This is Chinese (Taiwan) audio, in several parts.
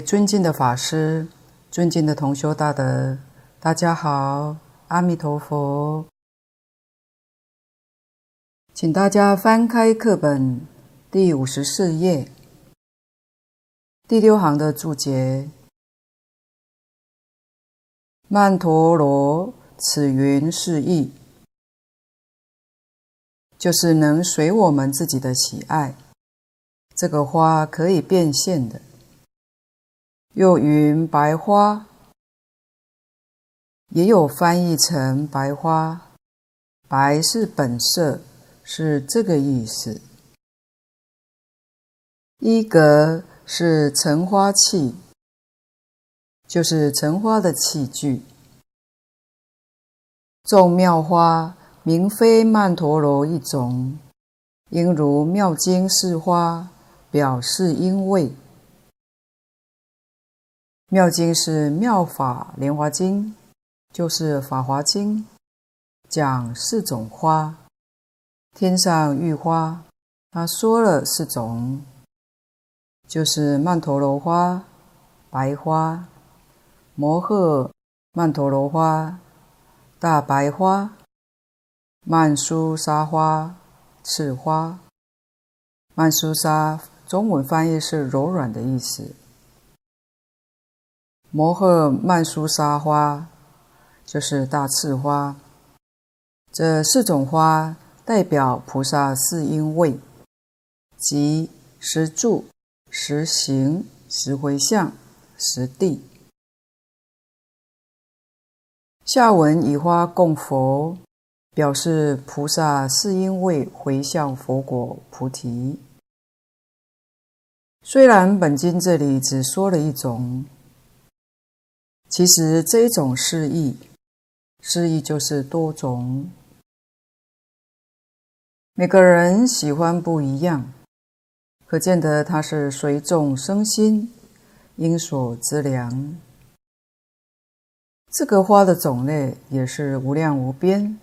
尊敬的法師，尊敬的同修大德，大家好！阿彌陀佛，請大家翻開課本第五十四頁第六行的注解：“曼陀羅，此雲是意適意，就是能隨我們自己的喜愛，這個花可以變現的。”又云白花，也有翻譯成白花。白是本色，是這個意思。一格是盛花器，就是盛花的器具。眾妙花名非曼陀羅一種，應如妙經示花，表示因為。妙經是《妙法蓮華經》，就是《法華經》，講四種花，天上玉花，他說了四種，就是曼陀羅花、白花、摩訶曼陀羅花、大白花、曼殊沙花、赤花。曼殊沙中文翻譯是柔軟的意思。摩訶曼殊沙花，就是大赤花。這四種花代表菩薩四因位，即十住、十行、十迴向、十地。下文以花供佛，表示菩薩四因位迴向佛果菩提。雖然本經這裡只說了一種。其實這種釋義，釋義就是多種，每個人喜歡不一樣，可見得它是隨眾生心，應所知量。這個花的種類也是無量無邊，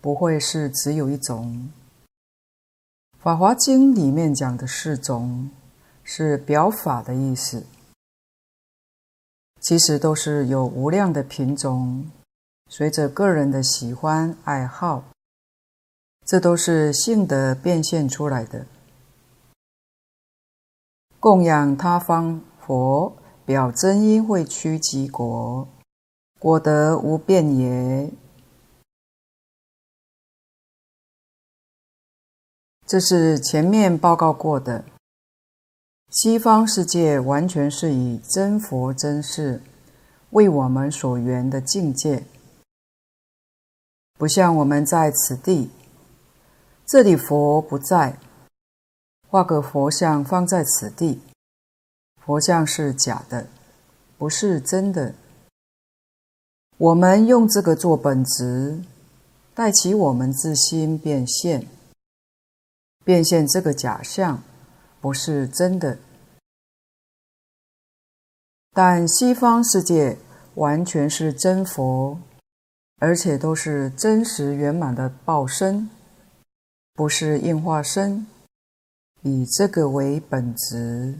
不會是只有一種。《法華經》裡面講的四種，是表法的意思。其實都是有無量的品種，隨着個人的喜歡愛好，這都是性德變現出來的。供養他方佛，表真因會趨極果，果德無變也。這是前面報告過的。西方世界完全是以真佛真事為我們所緣的境界，不像我們在此地，這裡佛不在，畫個佛像放在此地，佛像是假的，不是真的。我們用這個做本質，帶起我們自心變現，變現這個假象。不是真的，但西方世界完全是真佛，而且都是真實圓滿的報身，不是應化身，以這個為本質，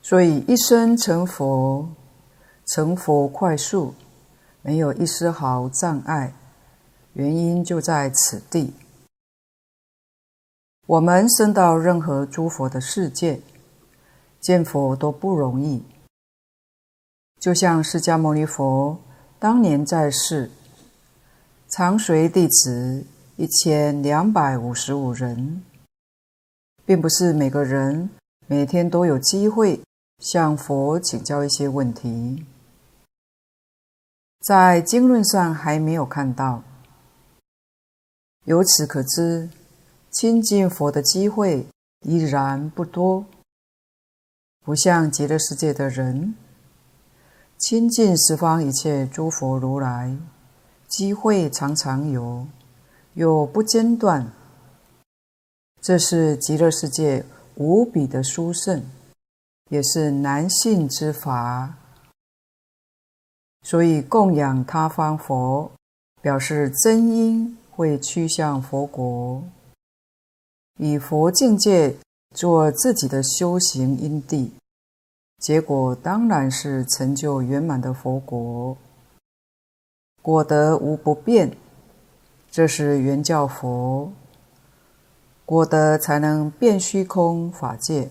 所以一生成佛，成佛快速，沒有一絲毫障礙，原因就在此地。我們生到任何諸佛的世界，見佛都不容易。就像釋迦牟尼佛當年在世，常隨弟子一千兩百五十五人，並不是每個人每天都有機會向佛請教一些問題。在經論上還沒有看到，由此可知。親近佛的機會依然不多，不像極樂世界的人，親近十方一切諸佛如來，機會常常有，又不間斷。這是極樂世界無比的殊勝，也是難信之法。所以供養他方佛，表示真因會趨向佛國。以佛境界做自己的修行因地，結果當然是成就圓滿的佛果。果德無不變，這是圓教佛。果德才能變虛空法界。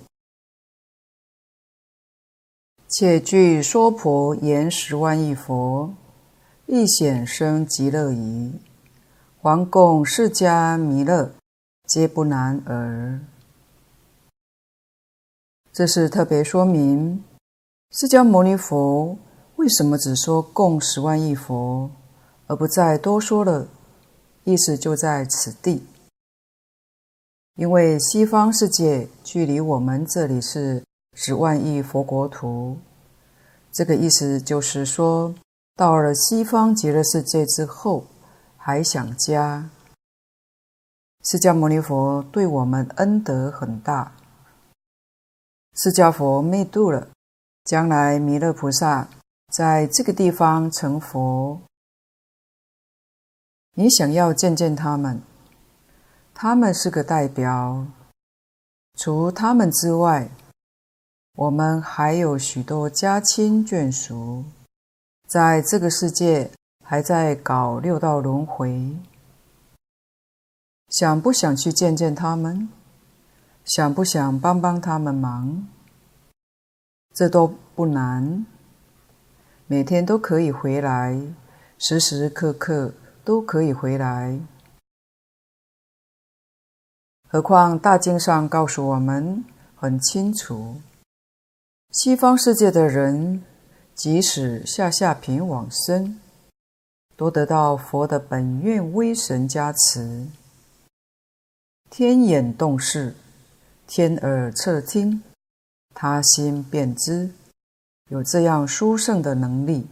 且據說婆言十萬億佛，亦顯生極樂矣，王宮釋迦彌勒。皆不難而。這是特別說明，釋迦牟尼佛為什麼只說共十萬億佛，而不再多說了，意思就在此地。因為西方世界距離我們這裡是十萬億佛國土，這個意思就是說，到了西方極樂世界之後，還想家。釋迦牟尼佛對我們恩德很大。釋迦佛滅度了，將來彌勒菩薩在這個地方成佛。你想要見見他們，他們是個代表。除他們之外，我們還有許多家親眷屬，在這個世界還在搞六道輪迴。想不想去見見他們？想不想幫幫他們忙？這都不難。每天都可以回來，時時刻刻都可以回來。何況大經上告訴我們很清楚：西方世界的人，即使下下品往生，都得到佛的本願威神加持。天眼洞視，天耳徹聽，他心便知。有這樣殊勝的能力，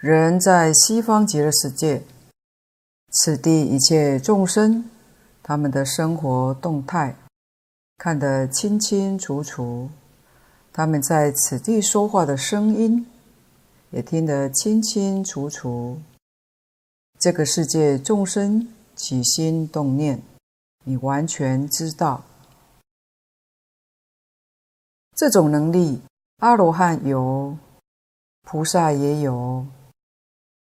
人在西方極樂世界，此地一切眾生，他們的生活動態看得清清楚楚，他們在此地說話的聲音也聽得清清楚楚。這個世界眾生。起心動念，你完全知道。這種能力，阿羅漢有，菩薩也有，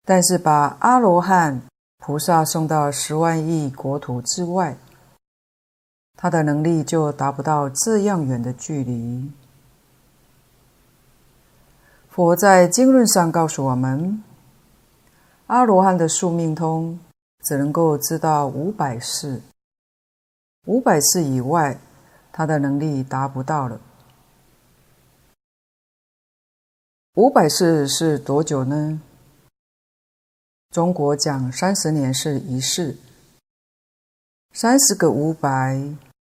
但是把阿羅漢、菩薩送到十萬億國土之外，他的能力就達不到這樣遠的距離。佛在經論上告訴我們，阿羅漢的宿命通。只能夠知道五百世，五百世以外，他的能力達不到了。五百世是多久呢？中國講三十年是一世，三十個五百，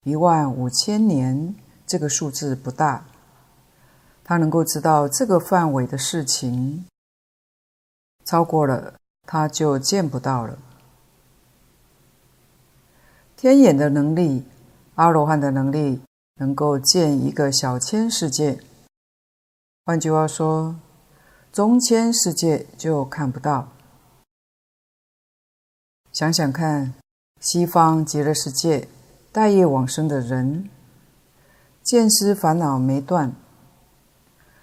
一萬五千年，這個數字不大，他能夠知道這個範圍的事情，超過了，他就見不到了。天眼的能力，阿羅漢的能力，能夠見一個小千世界。換句話說，中千世界就看不到。想想看，西方極樂世界，帶業往生的人，見思煩惱沒斷，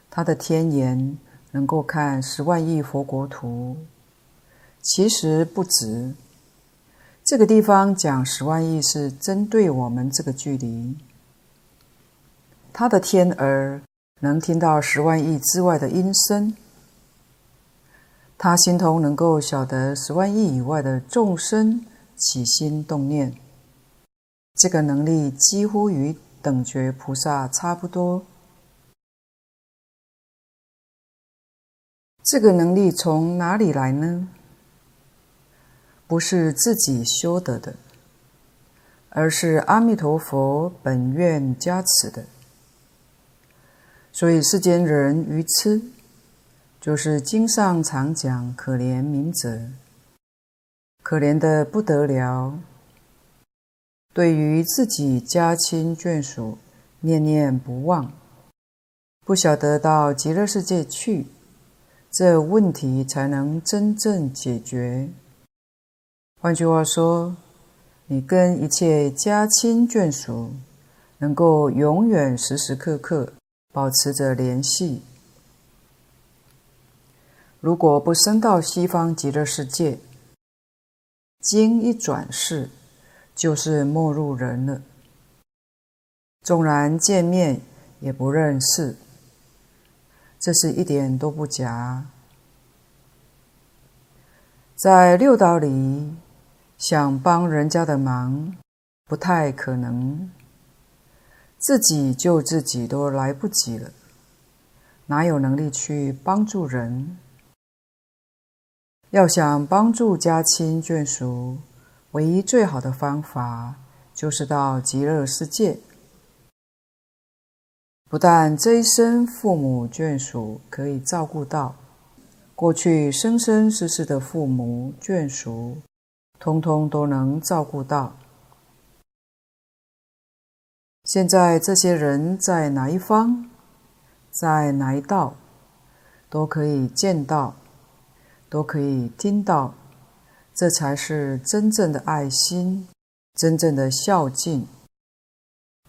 他的天眼能夠看十萬億佛國土，其實不止。這個地方講十萬億是針對我們這個距離。他的天耳能聽到十萬億之外的音聲，他心通能夠曉得十萬億以外的眾生起心動念。這個能力幾乎與等覺菩薩差不多。這個能力從哪裡來呢？不是自己修得的，而是阿彌陀佛本願加持的。所以世間人愚痴，就是經上常講可明“可憐憫者”，可憐的不得了。對於自己家親眷屬，念念不忘，不曉得到極樂世界去，這問題才能真正解決。換句話說，你跟一切家親眷屬能夠永遠時時刻刻保持着聯繫。如果不升到西方極樂世界，經一轉世，就是陌路人了。縱然見面，也不認識。這是一點都不假。在六道裡。想幫人家的忙，不太可能。自己救自己都來不及了，哪有能力去幫助人？要想幫助家親眷屬，唯一最好的方法就是到極樂世界。不但這一生父母眷屬可以照顧到，過去生生世世的父母眷屬。通通都能照顧到。現在這些人在哪一方，在哪一道，都可以見到，都可以聽到，這才是真正的愛心，真正的孝敬。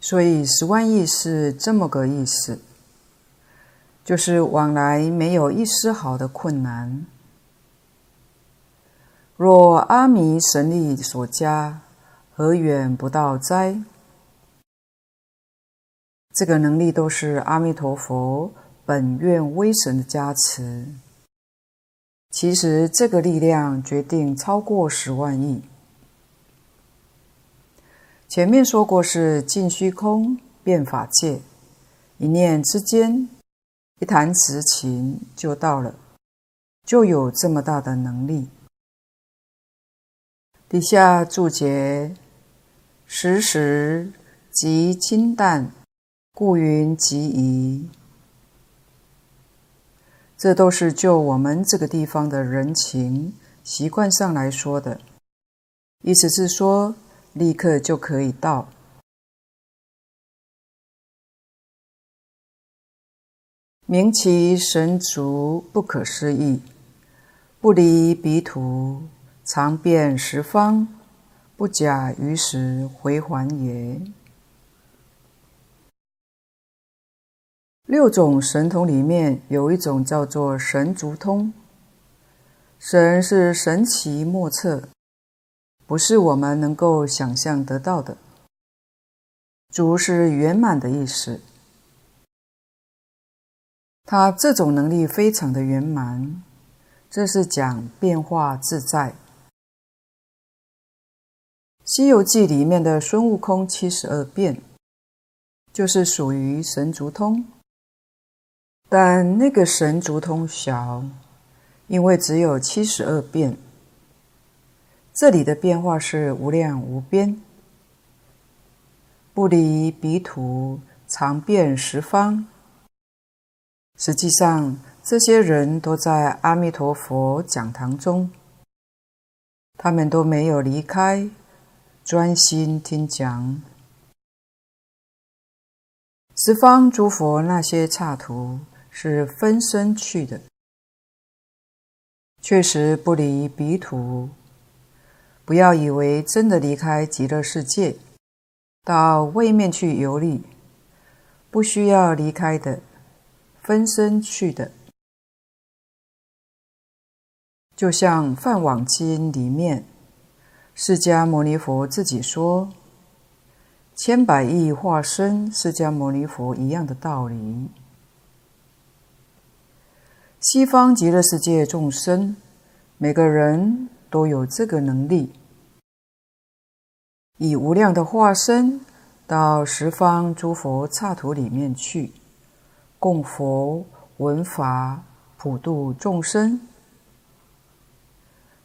所以十萬億是這麼個意思，就是往來沒有一絲好的困難。若阿彌神力所加，何遠不到哉？這個能力都是阿彌陀佛本願威神的加持。其實這個力量決定超過十萬億。前面說過，是盡虛空遍法界，一念之間，一彈指頃就到了，就有這麼大的能力。以下註解：“食時即清旦，故云即以。”這都是就我們這個地方的人情習慣上來說的，意思是說立刻就可以到。明其神足不可思議，不離彼土。常遍十方，不假於時回還也。六種神通裡面有一種叫做神足通，神是神奇莫測，不是我們能夠想象得到的；足是圓滿的意思。他這種能力非常的圓滿，這是講變化自在。《西遊記》裡面的孫悟空七十二變，就是屬於神足通。但那個神足通小，因為只有七十二變。這裡的變化是無量無邊，不離彼土，常遍十方。實際上，這些人都在阿彌陀佛講堂中，他們都沒有離開。專心聽講。十方諸佛那些剎土是分身去的，確實不離彼土。不要以為真的離開極樂世界到外面去遊歷，不需要離開的，分身去的，就像《梵網經》裡面。釋迦牟尼佛自己說：“千百億化身，釋迦牟尼佛一樣的道理。西方極樂世界眾生，每個人都有這個能力，以無量的化身到十方諸佛剎土裡面去，供佛、聞法、普度眾生。”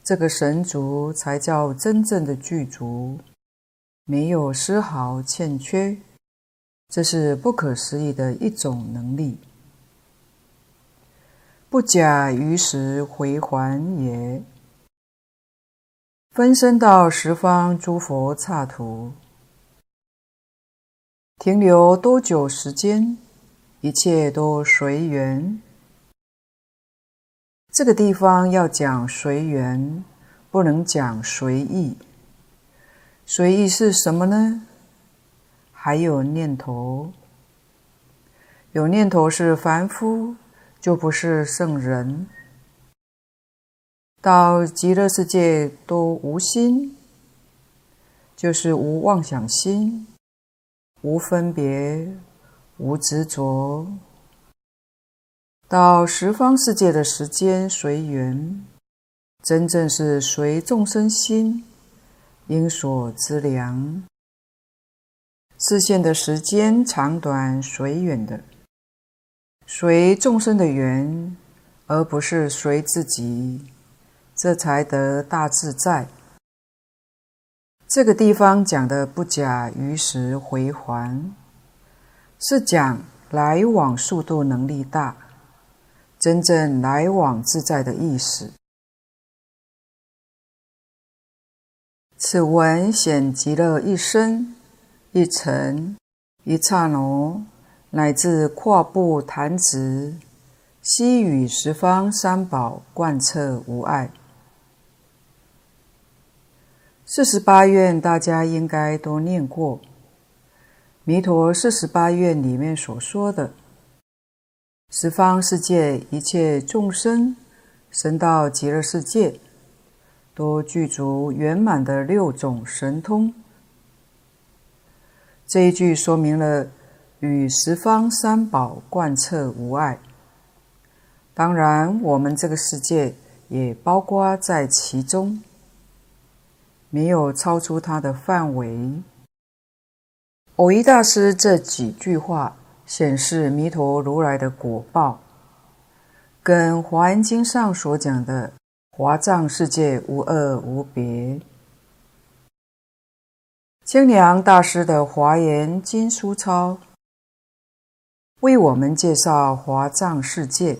這個神足才叫真正的具足，沒有絲毫欠缺，這是不可思議的一種能力，不假於時回還也。分身到十方諸佛剎土，停留多久時間，一切都隨緣。這個地方要講隨緣，不能講隨意。隨意是什麼呢？還有念頭。有念頭是凡夫，就不是聖人。到極樂世界都無心，就是無妄想心，無分別，無執着。到十方世界的時間隨緣，真正是隨眾生心，應所知量。視線的時間長短隨緣的，隨眾生的緣，而不是隨自己，這才得大自在。這個地方講的不假於時迴環，是講來往速度能力大。真正來往自在的意思。此文顯極樂一生一晨一剎那，乃至跨步彈指，悉與十方三寶貫徹無礙。四十八願大家應該都念過，《彌陀四十八願》裡面所說的。十方世界一切眾生，生到極樂世界，都具足圓滿的六種神通。這一句說明了與十方三寶貫徹無礙。當然，我們這個世界也包括在其中，沒有超出它的範圍。藕益大師這幾句話。顯示彌陀如來的果報，跟華嚴經上所講的華藏世界無二無別。清涼大師的《華嚴經書鈔》為我們介紹華藏世界，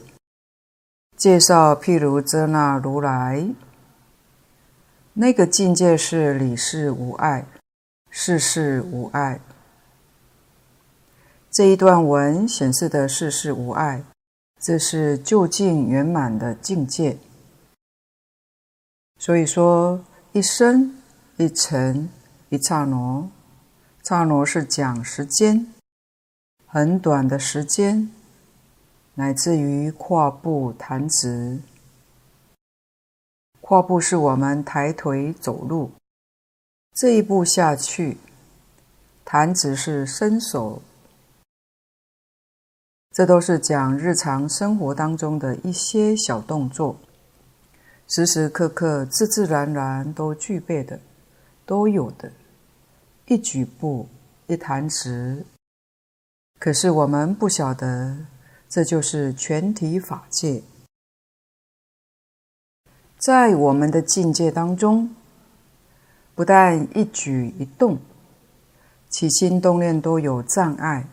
介紹譬如遮那如來，那個境界是理事無礙，事事無礙。這一段文顯示的是事事無礙，這是究竟圓滿的境界。所以說，一生一塵一剎那，剎那是講時間，很短的時間，乃至於跨步彈指。跨步是我們抬腿走路，這一步下去，彈指是伸手。這都是講日常生活當中的一些小動作，時時刻刻、自自然然都具備的，都有的。一舉步，一彈指，可是我們不曉得，這就是全體法界。在我們的境界當中，不但一舉一動，起心動念都有障礙。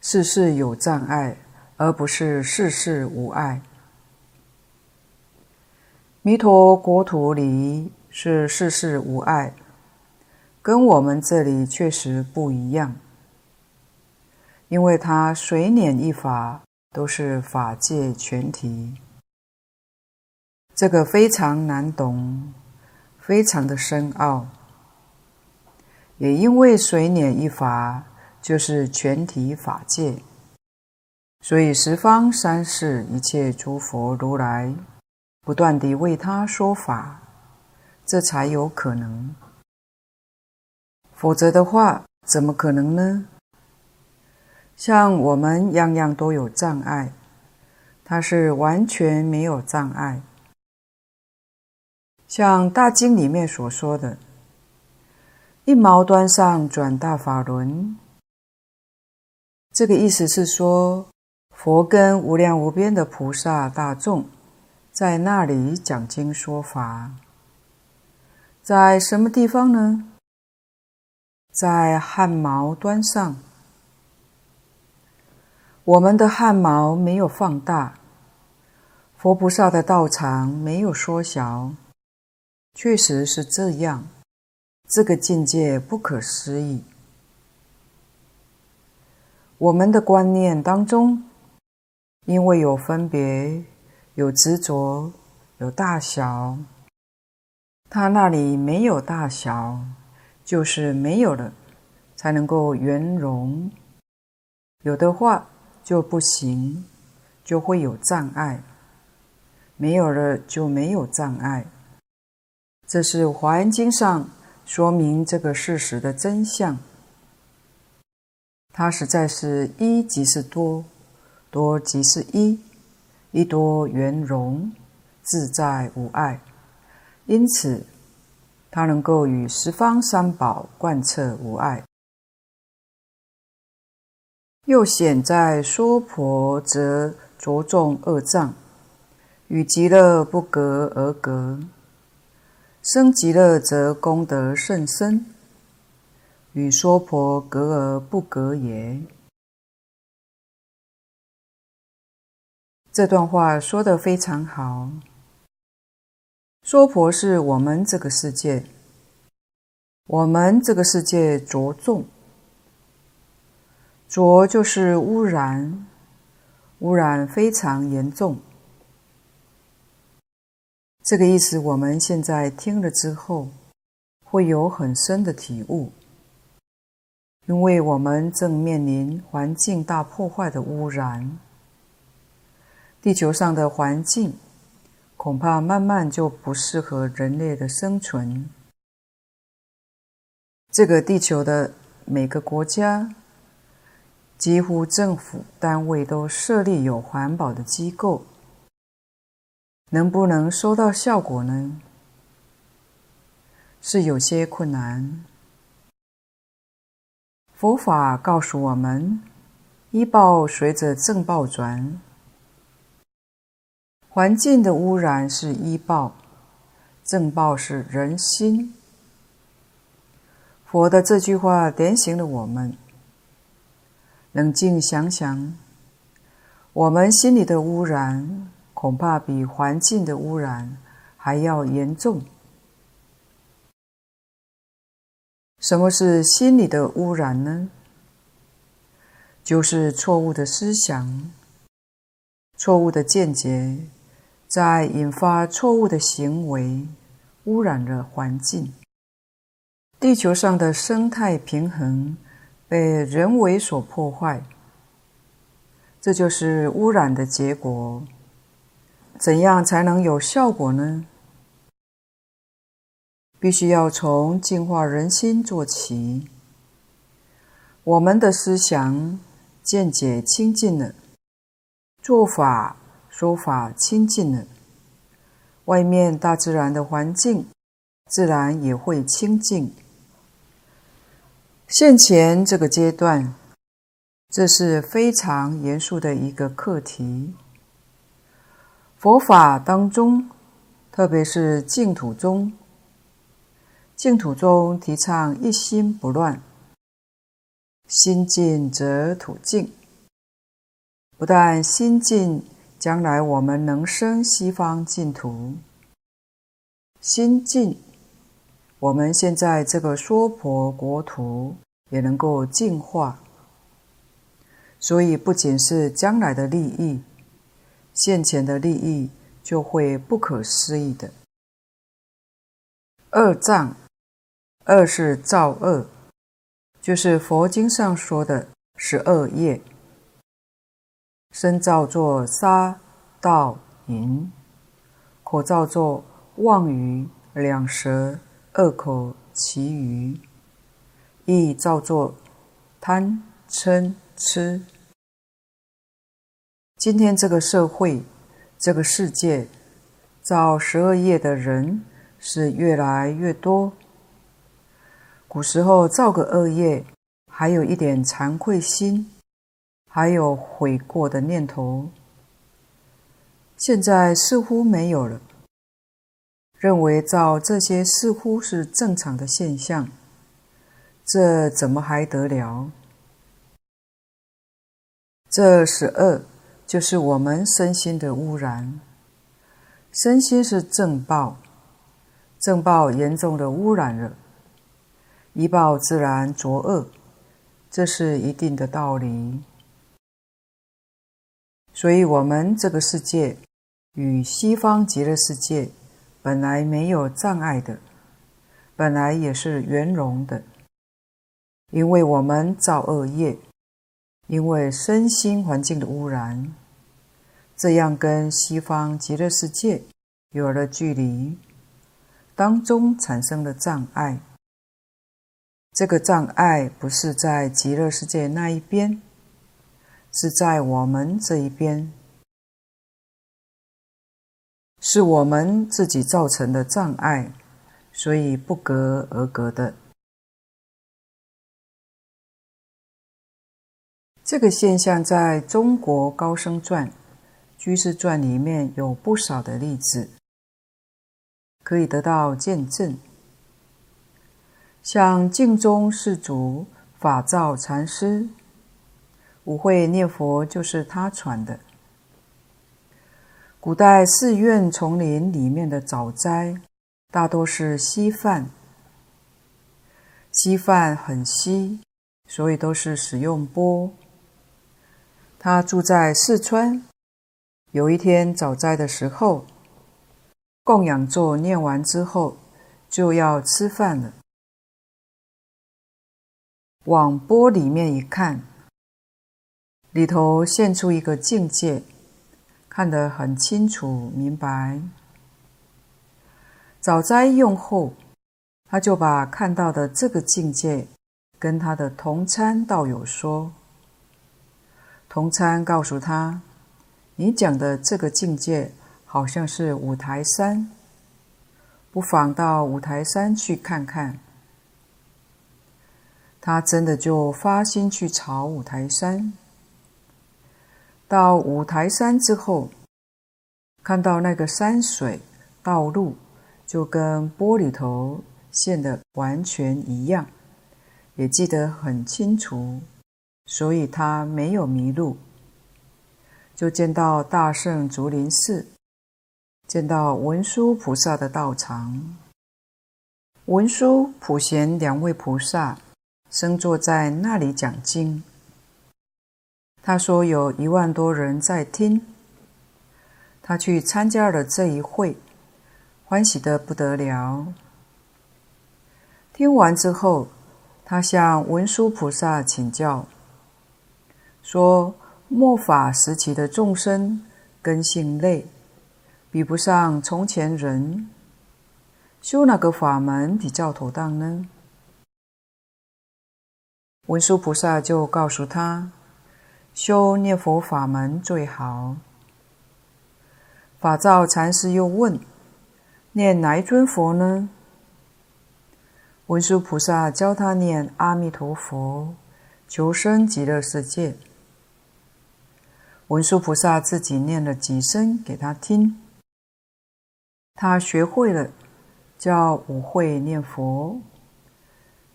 事事有障礙，而不是事事無礙。彌陀國土裡是事事無礙，跟我們這裡確實不一樣，因為它隨拈一法都是法界全體。這個非常難懂，非常的深奧，也因為隨拈一法。就是全體法界，所以十方三世一切諸佛如來不斷地為他說法，這才有可能。否則的話，怎麼可能呢？像我們樣樣都有障礙，他是完全沒有障礙。像大經裡面所說的，一毛端上轉大法輪。這個意思是說，佛跟無量無邊的菩薩大眾在那裡講經說法，在什麼地方呢？在汗毛端上。我們的汗毛沒有放大，佛菩薩的道場沒有縮小，確實是這樣。這個境界不可思議。我們的觀念當中，因為有分別、有執着、有大小，他那裡沒有大小，就是沒有了，才能夠圓融。有的話就不行，就會有障礙。沒有了就沒有障礙，這是《華嚴經》上說明這個事實的真相。他實在是一即是多，多即是一，一多圓融，自在無礙，因此他能夠與十方三寶貫徹無礙。又顯在娑婆，則着重二障，與極樂不隔而隔，生極樂則功德甚深。與娑婆隔而不隔也，這段話說得非常好。娑婆是我們這個世界，我們這個世界着重濁，就是污染，污染非常嚴重。這個意思，我們現在聽了之後，會有很深的體悟。因為我們正面臨環境大破壞的污染，地球上的環境恐怕慢慢就不適合人類的生存。這個地球的每個國家幾乎政府單位都設立有環保的機構，能不能收到效果呢？是有些困難。佛法告訴我們，依報隨着正報轉。環境的污染是依報，正報是人心。佛的這句話點醒了我們。冷靜想想，我們心裡的污染，恐怕比環境的污染還要嚴重。什麼是心理的污染呢？就是錯誤的思想、錯誤的見解，在引發錯誤的行為，污染了環境。地球上的生態平衡被人為所破壞，這就是污染的結果。怎樣才能有效果呢？必須要從淨化人心做起。我們的思想見解清淨了，做法說法清淨了，外面大自然的環境自然也會清淨。現前這個階段，這是非常嚴肅的一個課題。佛法當中，特別是淨土中，淨土中提倡一心不亂，心淨則土淨。不但心淨，將來我們能生西方淨土；心淨，我們現在這個娑婆國土也能夠淨化。所以，不僅是將來的利益，現前的利益就會不可思議的。二障。二是造惡，就是佛經上說的十二業：身造作殺盜淫，口造作妄語兩舌惡口綺語，意造作貪嗔痴。今天這個社會，這個世界造十二業的人是越來越多。古時候造個惡業，還有一點慚愧心，還有悔過的念頭。現在似乎沒有了，認為造這些似乎是正常的現象，這怎麼還得了？這十惡，就是我們身心的污染。身心是正報，正報嚴重的污染了。依報自然濁惡，這是一定的道理。所以，我們這個世界與西方極樂世界本來沒有障礙的，本來也是圓融的。因為我們造惡業，因為身心環境的污染，這樣跟西方極樂世界有了距離，當中產生了障礙。這個障礙不是在極樂世界那一邊，是在我們這一邊，是我們自己造成的障礙，所以不隔而隔的。這個現象在中國高僧傳、居士傳裡面有不少的例子，可以得到見證。像淨宗世祖法照禪師，五會念佛就是他傳的。古代寺院叢林裡面的早齋，大多是稀飯，稀飯很稀，所以都是使用缽。他住在四川，有一天早齋的時候，供養座念完之後，就要吃飯了。往缽裡面一看，裡頭現出一個境界，看得很清楚明白。早齋用後，他就把看到的這個境界跟他的同參道友說。同參告訴他：“你講的這個境界好像是五台山，不妨到五台山去看看。”他真的就發心去朝五台山。到五台山之後，看到那個山水、道路，就跟玻璃頭現的完全一樣，也記得很清楚，所以他沒有迷路。就見到大聖竹林寺，見到文殊菩薩的道場，文殊、普賢兩位菩薩。生坐在那裡講經，他說有一萬多人在聽。他去參加了這一會，歡喜的不得了。聽完之後，他向文殊菩薩請教，說末法時期的眾生根性累，比不上從前人，修哪個法門比較妥當呢？文殊菩薩就告訴他：“修念佛法門最好。”法照禪師又問：“念哪一尊佛呢？”文殊菩薩教他念阿彌陀佛，求生極樂世界。文殊菩薩自己念了幾聲給他聽，他學會了，叫五會念佛。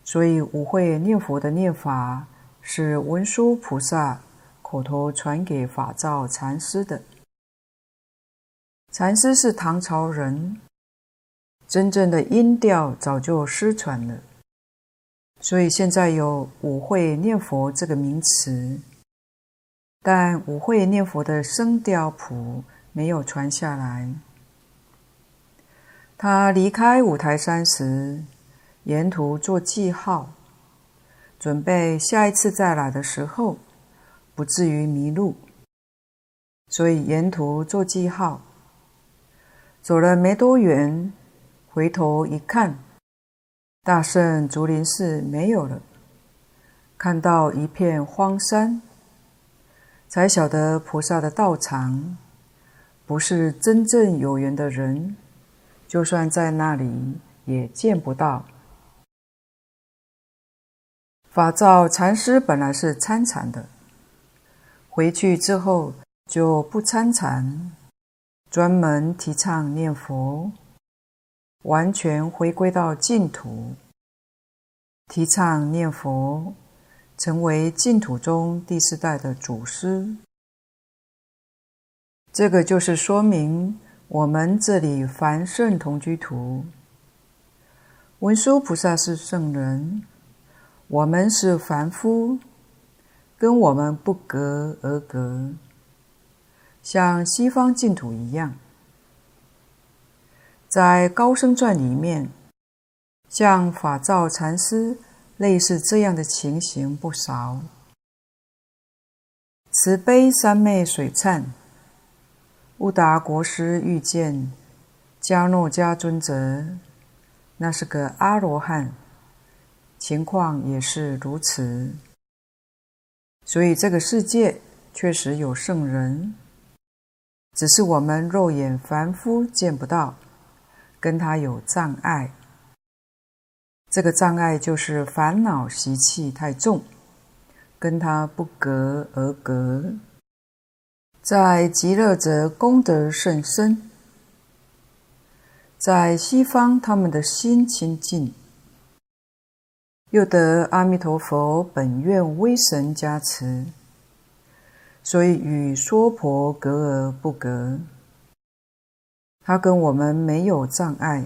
所以，五會念佛的念法是文殊菩薩口頭傳給法照禪師的。禪師是唐朝人，真正的音調早就失傳了。所以，現在有五會念佛這個名詞，但五會念佛的聲調譜沒有傳下來。他離開五台山時，沿途做記號，準備下一次再來的時候不至於迷路。所以沿途做記號，走了沒多遠，回頭一看，大聖竹林寺沒有了，看到一片荒山，才曉得菩薩的道場，不是真正有緣的人，就算在那裡也見不到。法照禪師本來是參禪的，回去之後就不參禪，專門提倡念佛，完全回歸到淨土，提倡念佛，成為淨土中第四代的祖師。這個就是說明我們這裡凡聖同居土，文殊菩薩是聖人。我們是凡夫，跟我們不隔而隔，像西方淨土一樣。在高僧傳裡面，像法照禪師類似這樣的情形不少。慈悲三昧水懺，悟達國師遇見迦諾迦尊者，那是個阿羅漢。情況也是如此，所以這個世界確實有聖人，只是我們肉眼凡夫見不到，跟他有障礙。這個障礙就是煩惱習氣太重，跟他不隔而隔。在極樂者功德甚深，在西方他們的心清淨。又得阿彌陀佛本願威神加持，所以與娑婆隔而不隔。他跟我們沒有障礙，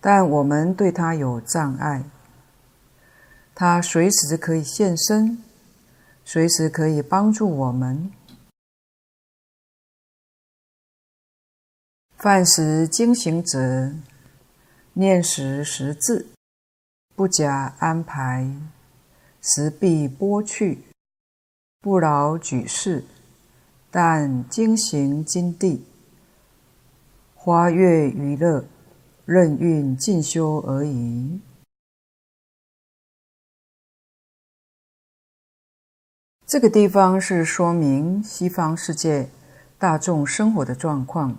但我們對他有障礙。他隨時可以現身，隨時可以幫助我們。飯食經行者，念食食至。不假安排，石壁剝去，不勞舉世，但經行經地，花月娛樂，任運進修而已。這個地方是說明西方世界大衆生活的狀況。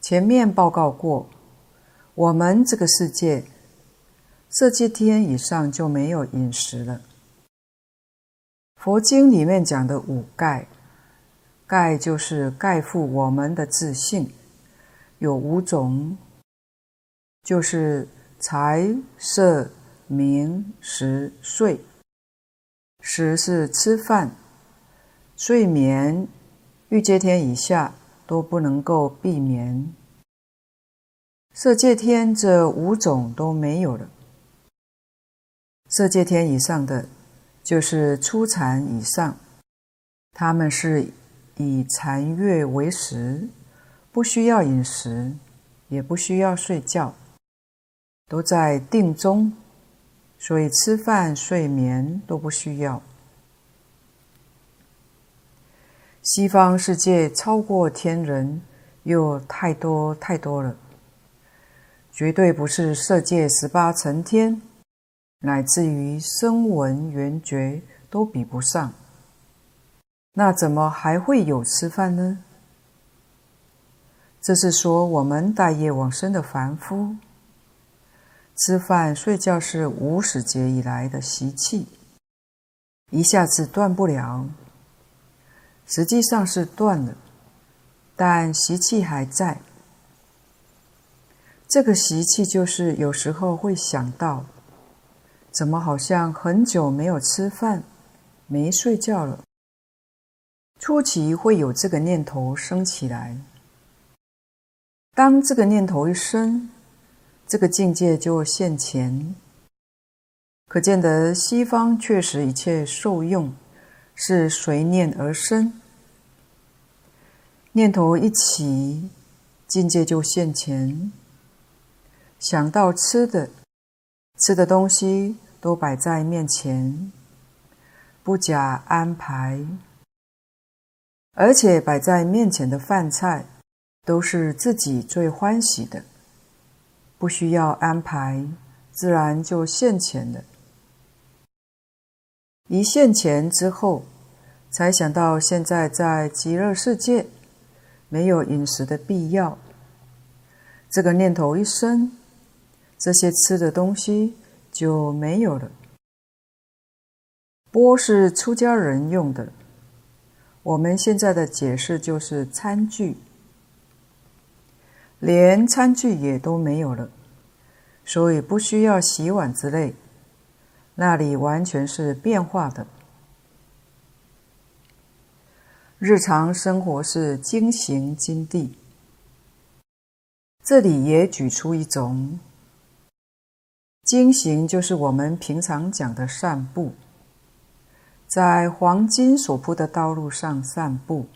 前面報告過，我們這個世界。色界天以上就沒有飲食了。佛經裡面講的五蓋，蓋就是蓋覆我們的自信，有五種，就是財、色、名、食、睡。食是吃飯，睡眠，欲界天以下都不能夠避免，色界天這五種都沒有了。色界天以上的，就是初禪以上，他們是以禪悅為食，不需要飲食，也不需要睡覺，都在定中，所以吃飯、睡眠都不需要。西方世界超過天人又太多太多了，絕對不是色界十八層天。乃至於聲聞緣覺都比不上，那怎麼還會有吃飯呢？這是說我們大業往生的凡夫，吃飯睡覺是無始劫以來的習氣，一下子斷不了。實際上是斷了，但習氣還在。這個習氣就是有時候會想到。怎麼好像很久沒有吃飯，沒睡覺了？初期會有這個念頭生起來。當這個念頭一生，這個境界就現前。可見得西方確實一切受用，是隨念而生。念頭一起，境界就現前。想到吃的。吃的東西都擺在面前，不假安排，而且擺在面前的飯菜都是自己最歡喜的，不需要安排，自然就現前了。一現前之後，才想到現在在極樂世界沒有飲食的必要，這個念頭一生。這些吃的東西就沒有了。缽是出家人用的，我們現在的解釋就是餐具，連餐具也都沒有了，所以不需要洗碗之類。那裡完全是變化的，日常生活是經行精地，這裡也舉出一種。經行就是我們平常講的散步，在黃金所鋪的道路上散步。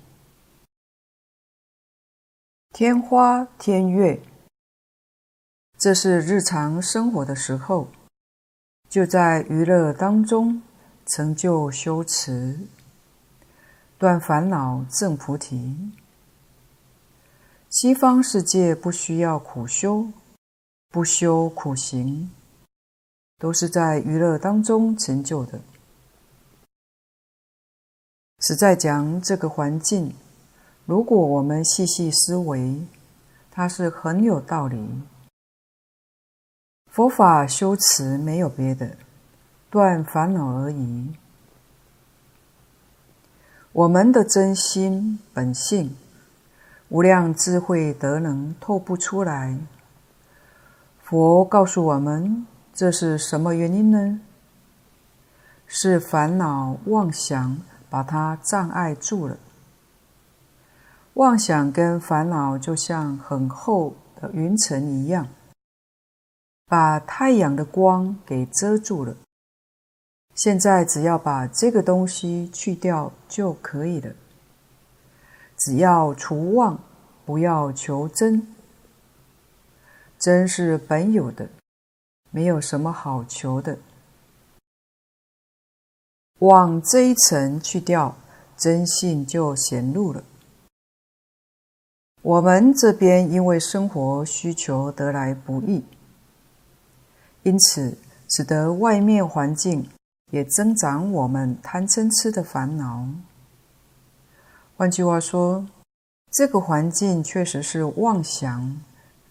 天花天月，這是日常生活的時候，就在娛樂當中成就修持，斷煩惱證菩提。西方世界不需要苦修，不修苦行。都是在娛樂當中成就的，實在講這個環境。如果我們細細思維，它是很有道理。佛法修持沒有別的，斷煩惱而已。我們的真心本性，無量智慧德能透不出來。佛告訴我們。這是什麼原因呢？是煩惱妄想把它障礙住了。妄想跟煩惱就像很厚的雲層一樣，把太陽的光給遮住了。現在只要把這個東西去掉就可以了。只要除妄，不要求真。真是本有的。沒有什麼好求的，往這一層去掉，真性就顯露了。我們這邊因為生活需求得來不易，因此使得外面環境也增長我們貪嗔痴的煩惱。換句話說，這個環境確實是妄想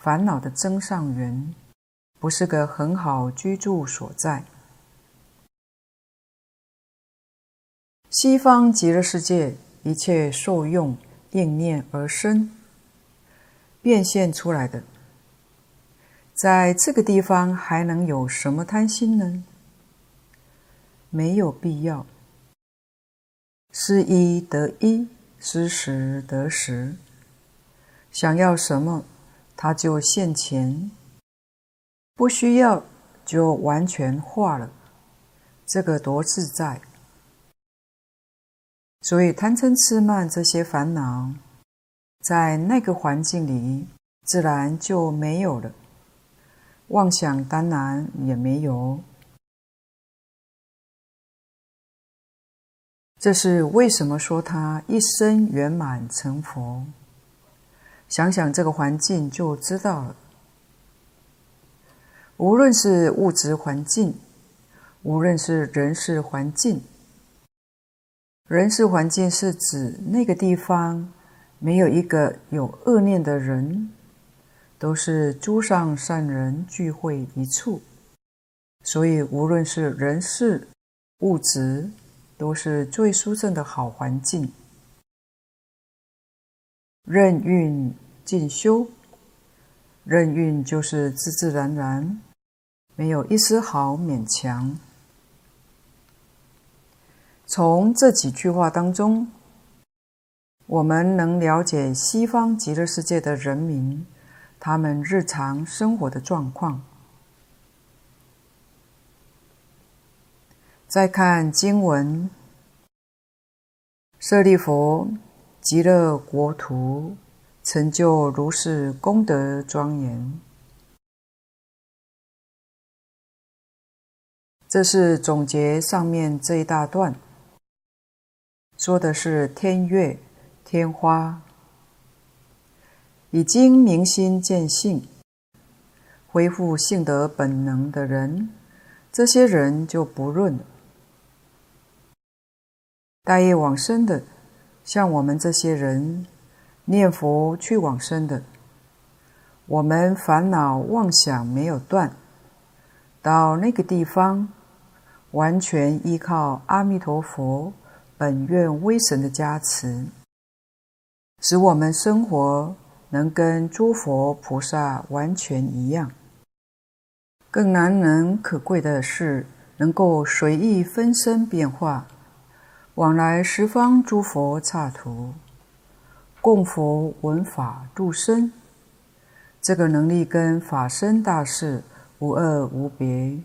煩惱的增上緣。不是個很好居住所在。西方極樂世界一切受用應念，念而生，變現出來的，在這個地方還能有什麼貪心呢？沒有必要，失一得一，失十得十，想要什麼他就現前。不需要就完全化了，這個多自在。所以貪嗔痴慢這些煩惱，在那個環境裡自然就沒有了，妄想當然也沒有。這是為什麼說他一生圓滿成佛？想想這個環境就知道了。無論是物質環境，無論是人事環境，人事環境是指那個地方沒有一個有惡念的人，都是諸上善人聚會一處，所以無論是人事、物質，都是最殊勝的好環境。任運進修，任運就是自自然然，沒有一絲毫勉強。從這幾句話當中，我們能了解西方極樂世界的人民，他們日常生活的狀況。再看經文：舍利弗，極樂國土成就如是功德莊嚴。這是總結上面這一大段，說的是天月天花已經明心見性、恢復性德本能的人，這些人就不論了。帶業往生的，像我們這些人念佛去往生的，我們煩惱妄想沒有斷，到那個地方。完全依靠阿彌陀佛本願威神的加持，使我們生活能跟諸佛菩薩完全一樣。更難能可貴的是，能夠隨意分身變化，往來十方諸佛剎土，供佛聞法度生。這個能力跟法身大士無二無別。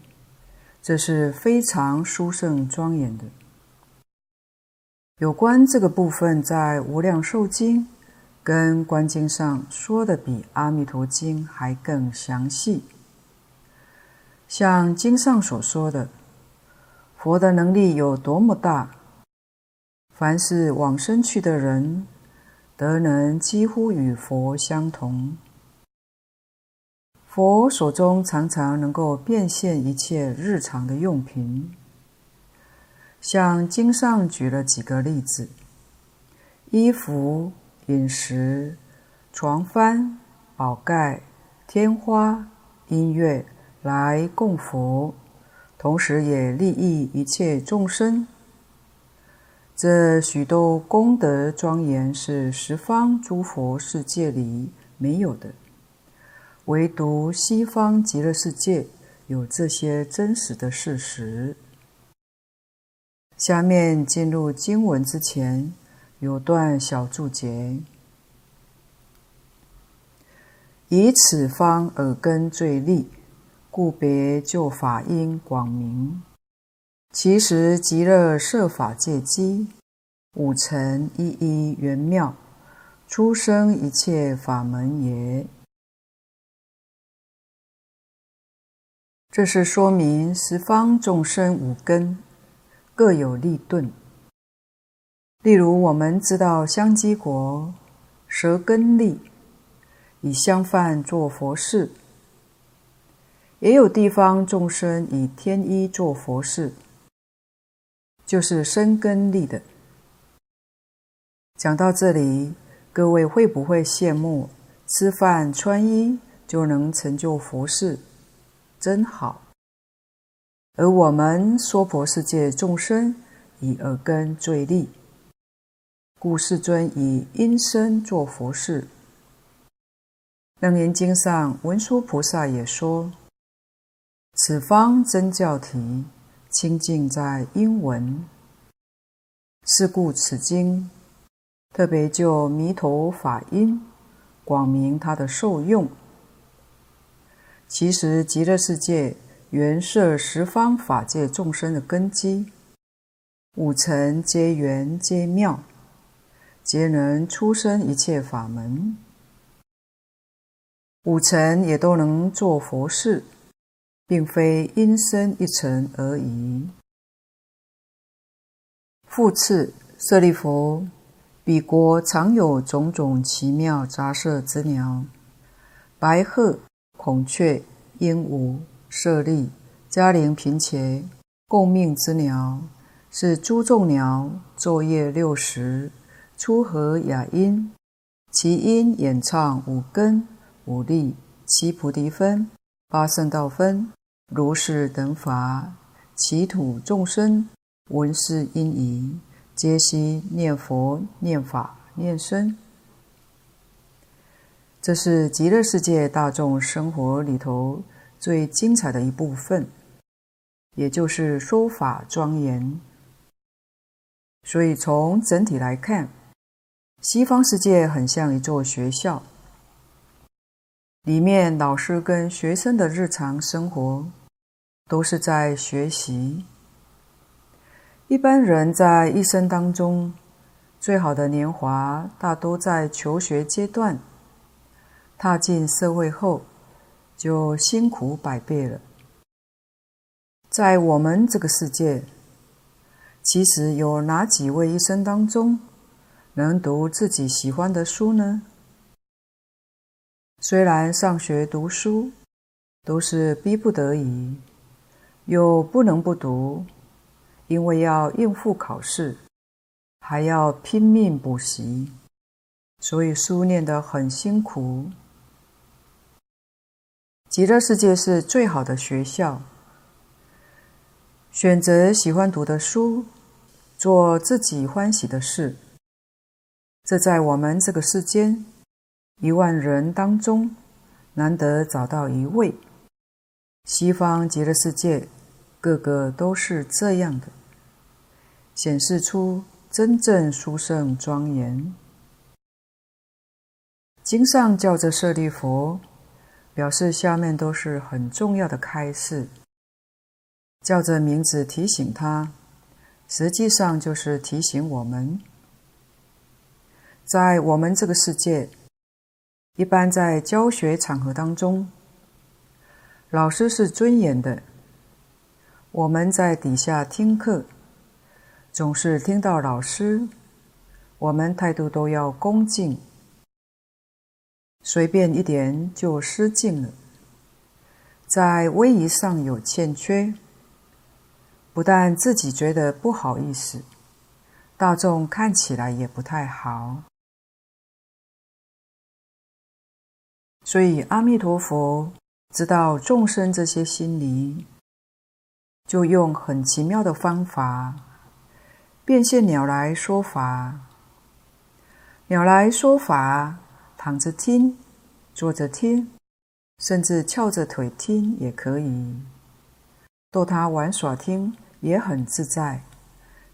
這是非常殊勝莊嚴的。有關這個部分，在《無量壽經》跟《觀經》上說的比《阿彌陀經》還更詳細。像經上所說的，佛的能力有多麼大，凡是往生去的人，德能幾乎與佛相同。佛手中常常能夠變現一切日常的用品，像經上舉了幾個例子：衣服、飲食、幢幡、寶蓋、天花、音樂來供佛，同時也利益一切眾生。這許多功德莊嚴是十方諸佛世界裡沒有的。唯獨西方極樂世界有這些真實的事實。下面進入經文之前，有段小注解。以此方耳根最利，故別就法音廣明。其實極樂設法界機，五塵一一圓妙，出生一切法門也。這是說明十方眾生五根各有利鈍。例如，我們知道香積國舌根利，以香飯做佛事；也有地方眾生以天衣做佛事，就是身根利的。講到這裡，各位會不會羨慕？吃飯穿衣就能成就佛事？真好，而我們娑婆世界眾生以耳根最利，故世尊以音聲做佛事。楞嚴經上文殊菩薩也說：“此方真教體，清淨在音聞。是故此經特別就彌陀法音，廣明他的受用。”其實，極樂世界圓攝十方法界眾生的根基，五乘皆圓皆妙，皆能出生一切法門。五乘也都能做佛事，並非因生一乘而已。復次，舍利弗，彼國常有種種奇妙雜色之鳥，白鶴、孔雀、鸚鵡、舍利、迦陵頻伽，共命之鳥。是諸眾鳥晝夜六時出和雅音，其音演唱五根、五力、七菩提分、八聖道分、如是等法，其土眾生聞是音已，皆悉念佛、念法、念僧。這是極樂世界大眾生活裡頭最精彩的一部分，也就是說法莊嚴。所以從整體來看，西方世界很像一座學校，裡面老師跟學生的日常生活都是在學習。一般人在一生當中，最好的年華大多在求學階段。踏進社會後，就辛苦百倍了。在我們這個世界，其實有哪幾位醫生當中，能讀自己喜歡的書呢？雖然上學讀書都是逼不得已，又不能不讀，因為要應付考試，還要拼命補習，所以書念得很辛苦。極樂世界是最好的學校，選擇喜歡讀的書，做自己歡喜的事。這在我們這個世間，一萬人當中，難得找到一位。西方極樂世界，個個都是這樣的，顯示出真正殊勝莊嚴。經上叫着佛“捨利弗”。表示下面都是很重要的開示，叫着名字提醒他，實際上就是提醒我們，在我們這個世界，一般在教學場合當中，老師是尊嚴的，我們在底下聽課，總是聽到老師，我們態度都要恭敬。隨便一點就失敬了，在威儀上有欠缺，不但自己覺得不好意思，大眾看起來也不太好。所以阿彌陀佛知道眾生這些心理，就用很奇妙的方法，變現鳥來說法，鳥來說法。躺着聽，坐着聽，甚至翹着腿聽也可以；逗他玩耍聽也很自在，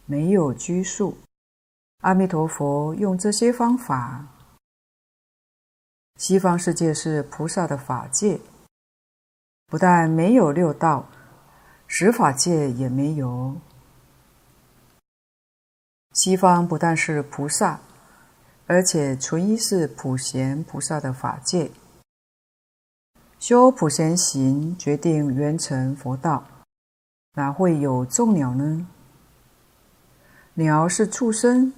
沒有拘束。阿彌陀佛，用這些方法。西方世界是菩薩的法界，不但沒有六道，十法界也沒有。西方不但是菩薩。而且，純一是普賢菩薩的法界，修普賢行決定圓成佛道，哪會有眾鳥呢？鳥是畜生。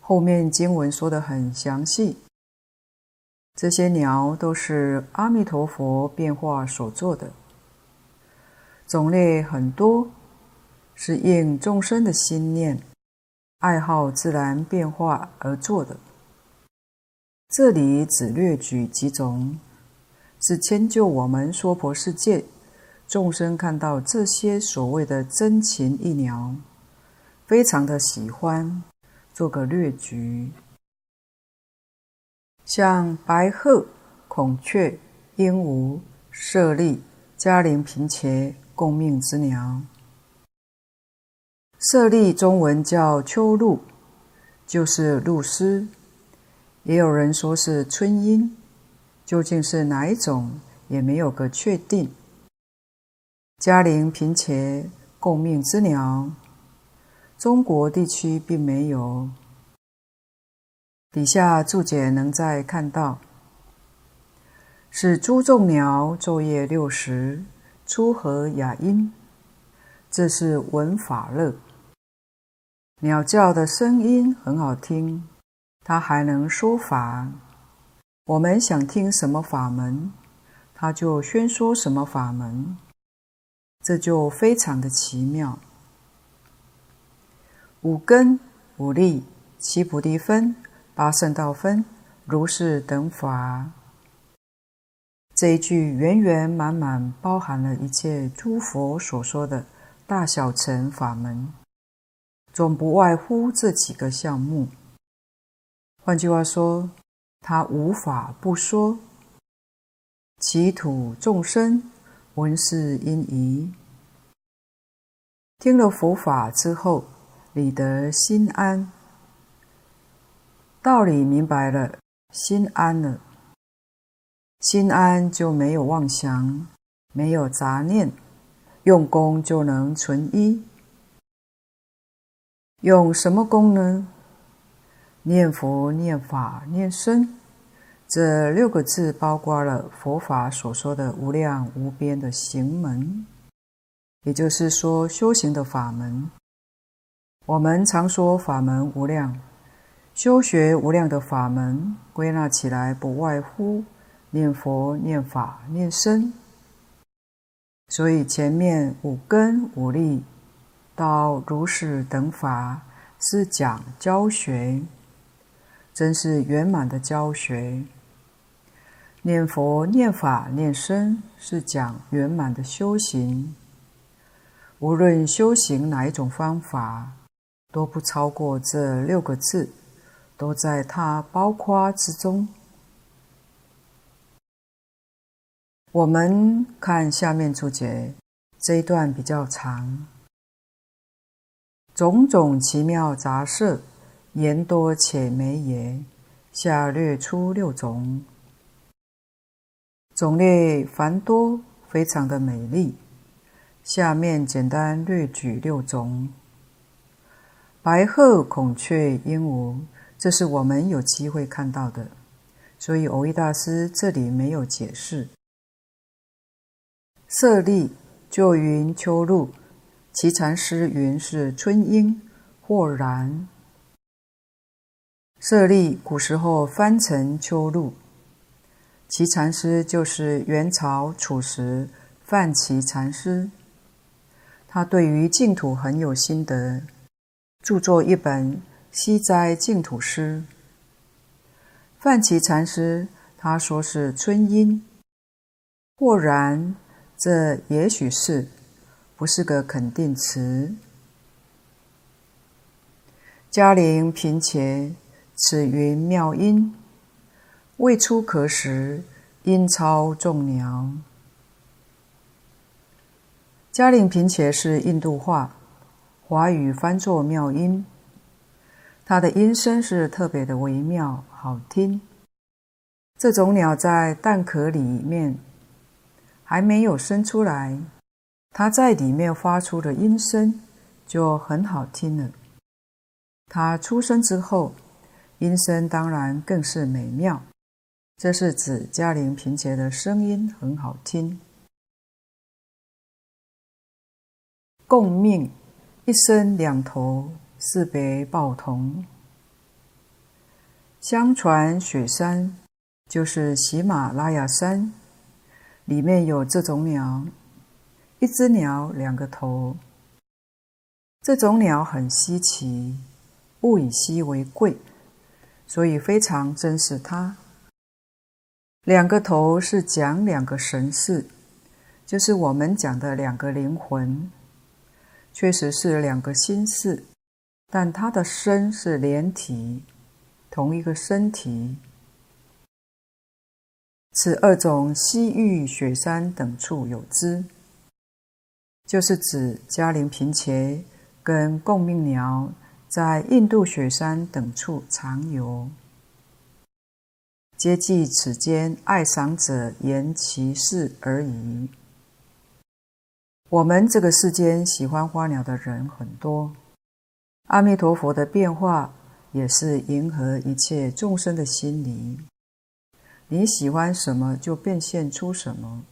後面經文說得很詳細，這些鳥都是阿彌陀佛變化所做的，種類很多，是應眾生的心念。愛好自然變化而做的，這裡只略舉幾種，是遷就我們娑婆世界眾生看到這些所謂的珍禽異鳥，非常的喜歡，做個略舉，像白鶴、孔雀、鸚鵡、舍利、迦陵頻伽、共命之鳥。設立中文叫鶖鷺，就是鷺鷥，也有人說是春陰，究竟是哪一種也沒有個確定。迦陵頻伽共命之鳥，中國地區並沒有。底下注解能再看到，是諸眾鳥，晝夜六時，出和雅音，這是文法樂。鳥叫的聲音很好聽，它還能說法。我們想聽什麼法門，它就宣說什麼法門，這就非常的奇妙。五根、五力、七菩提分、八聖道分、如是等法。這一句圓圓滿滿包含了一切諸佛所說的大小乘法門。總不外乎這幾個項目。換句話說，他無法不說。其土眾生，聞是音已，聽了佛法之後，你的心安，道理明白了，心安了，心安就沒有妄想，沒有雜念，用功就能存一。用什麼功呢？念佛、念法、念僧，這六個字包括了佛法所說的無量無邊的行門，也就是說修行的法門。我們常說法門無量，修學無量的法門，歸納起來不外乎念佛、念法、念僧。所以前面五根五力。到如是等法是講教學，真是圓滿的教學。念佛、念法、念僧是講圓滿的修行。無論修行哪一種方法，都不超過這六個字，都在它包括之中。我們看下面注解，這一段比較長。種種奇妙雜色，言多且美也，下略出六種，種類繁多，非常的美麗。下面簡單略舉六種：白鶴、孔雀、鸚鵡，這是我們有機會看到的，所以藕益大師這裡沒有解釋。舍利舊云秋露。琦禪師云：“是春英豁然，舍利古時候翻成秋露。”琦禪師就是元朝楚石梵琦禪師，他對於淨土很有心得，著作一本《西齋淨土詩》。梵琦禪師，他說是春英豁然，這也許是。不是個肯定詞。迦陵頻伽，此雲妙音，未出殼時，音超眾鳥。迦陵頻伽是印度話，華語翻作妙音。它的音聲是特別的微妙好聽。這種鳥在蛋殼裡面還沒有生出來。它在裡面發出的音聲就很好聽了。它出生之後，音聲當然更是美妙。這是指迦陵頻伽的聲音很好聽。共命，一身兩頭，識別報同。相傳雪山就是喜馬拉雅山，裡面有這種鳥。一隻鳥，兩個頭。這種鳥很稀奇，物以稀為貴，所以非常珍視它。兩個頭是講兩個神識，就是我們講的兩個靈魂，確實是兩個心事，但它的身是連體，同一個身體。此二種，西域、雪山等處有之。就是指迦陵頻伽跟共命鳥在印度雪山等處常遊，皆寄此間愛賞者言其事而已。我們這個世間喜歡花鳥的人很多，阿彌陀佛的變化也是迎合一切眾生的心理，你喜歡什麼就變現出什麼。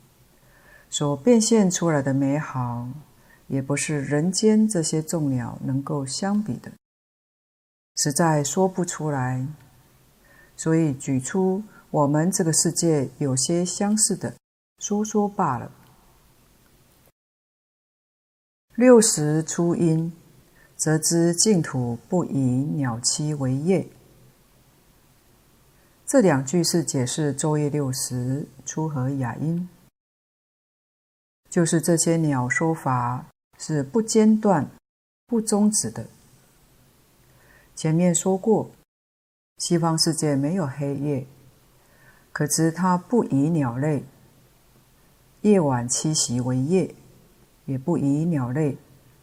所變現出來的美好，也不是人間這些眾鳥能夠相比的，實在說不出來，所以舉出我們這個世界有些相似的，說說罷了。六時出音，則知淨土不以鳥棲為業。這兩句是解釋晝夜六時出和雅音。就是這些鳥說法是不間斷、不終止的。前面說過，西方世界沒有黑夜，可知它不以鳥類夜晚棲息為夜，也不以鳥類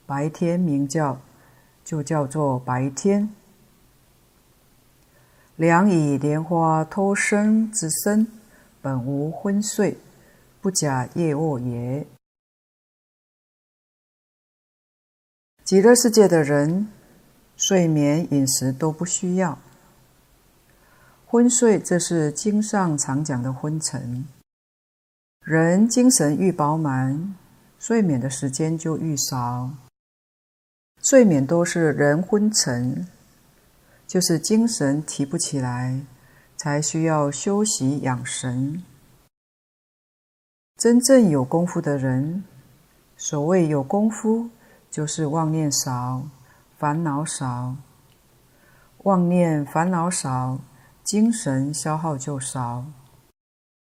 白天鳴叫就叫做白天。良以蓮花托生之身，本無昏睡，不假夜臥也。極樂世界的人，睡眠、飲食都不需要。昏睡，這是經上常講的昏沉。人精神愈飽滿，睡眠的時間就愈少。睡眠都是人昏沉，就是精神提不起來，才需要休息養神。真正有功夫的人，所謂有功夫，就是妄念少，煩惱少。妄念煩惱少，精神消耗就少。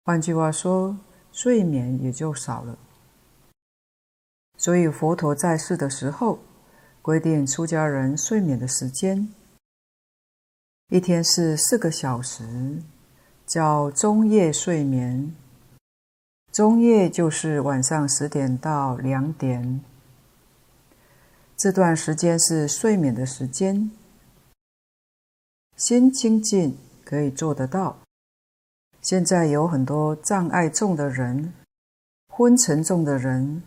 換句話說，睡眠也就少了。所以佛陀在世的時候，規定出家人睡眠的時間，一天是四個小時，叫中夜睡眠。中夜就是晚上十點到兩點。這段時間是睡眠的時間，心清淨可以做得到。現在有很多障礙重的人，昏沉重的人，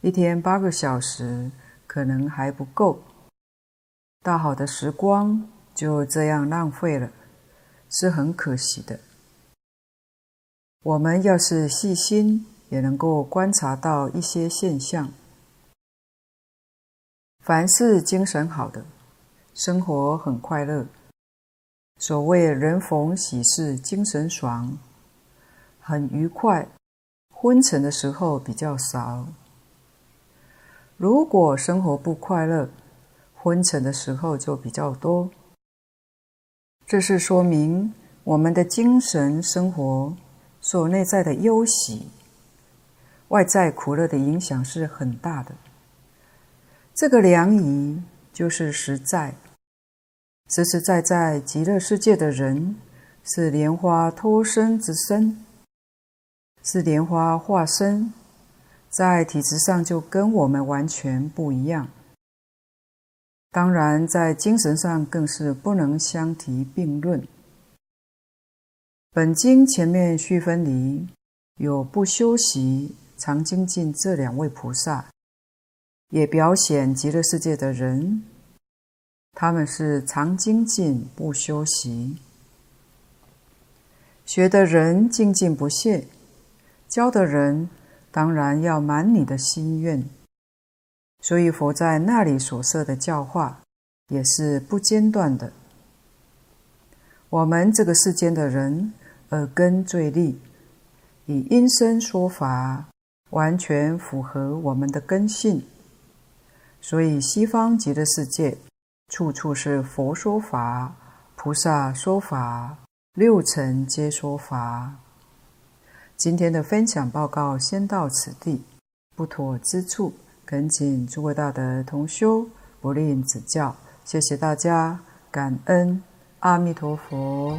一天八個小時可能還不夠，大好的時光就這樣浪費了，是很可惜的。我們要是細心，也能夠觀察到一些現象。凡是精神好的，生活很快樂。所謂“人逢喜事精神爽”，很愉快，昏沉的時候比較少。如果生活不快樂，昏沉的時候就比較多。這是說明我們的精神生活受內在的憂喜、外在苦樂的影響是很大的。這個良儀就是實在，實實在在極樂世界的人，是蓮花托生之身，是蓮花化身，在體質上就跟我們完全不一樣，當然在精神上更是不能相提並論。本經前面序分裡有不休息、常精進這兩位菩薩。也表顯極樂世界的人，他們是常精進不休息，學的人精進不懈，教的人當然要滿你的心願。所以佛在那裡所設的教化，也是不間斷的。我們這個世間的人耳根最利，以音聲說法，完全符合我們的根性。所以，西方極樂世界，處處是佛說法，菩薩說法，六塵皆說法。今天的分享報告先到此地，不妥之處，懇請諸位大德同修不吝指教。謝謝大家，感恩，阿彌陀佛。